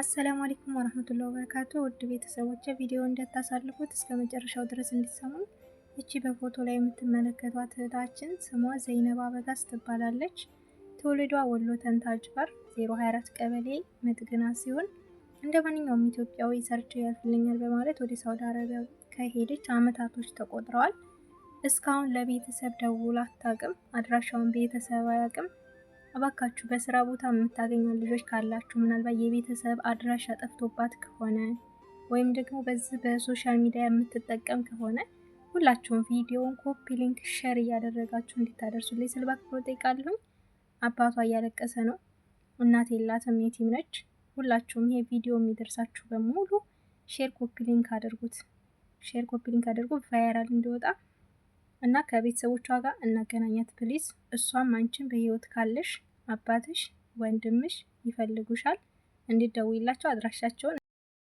አሰላሙ አለይኩም ወረህመቱላሂ ወበረካቱ ውድ ቤተሰቦች ቪዲዮ እንዳታሳልፉት እስከ መጨረሻው ድረስ እንዲሰሙ። እቺ በፎቶ ላይ የምትመለከቷት እህታችን ስሟ ዘይነብ አበጋዝ ትባላለች። ትውልዷ ወሎ ተንታ ጅፋር 024 ቀበሌ መጥግና ሲሆን እንደ ማንኛውም ኢትዮጵያዊ ሰርች ያልፍልኛል በማለት ወደ ሳውዲ አረቢያ ከሄደች አመታቶች ተቆጥረዋል። እስካሁን ለቤተሰብ ደውላ አታውቅም። አድራሻውን ቤተሰብ አያውቅም። እባካችሁ በስራ ቦታ የምታገኙ ልጆች ካላችሁ ምናልባት የቤተሰብ አድራሻ ጠፍቶባት ከሆነ ወይም ደግሞ በዚህ በሶሻል ሚዲያ የምትጠቀም ከሆነ ሁላችሁም ቪዲዮውን ኮፒ ሊንክ ሸር እያደረጋችሁ እንድታደርሱልኝ ስል በአክብሮት እጠይቃለሁኝ። አባቷ እያለቀሰ ነው። እናት የላትም፣ የቲም ነች። ሁላችሁም ይሄ ቪዲዮ የሚደርሳችሁ በሙሉ ሼር ኮፒ ሊንክ አድርጉት። ሼር ኮፒ ሊንክ አድርጉ ቫይራል እንዲወጣ እና ከቤተሰቦቿ ጋር እናገናኛት ፕሊዝ። እሷም አንቺን በህይወት ካለሽ አባትሽ፣ ወንድምሽ ይፈልጉሻል። እንዲደውላቸው አድራሻቸውን